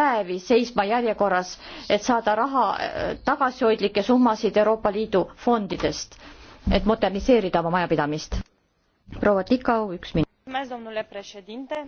päevi seisma järjekorras, et saada raha äh, tagasihoidlikke summasid Euroopa Liidu fondidest, et moderniseerida oma majapidamist. proua Tikau, üks minut.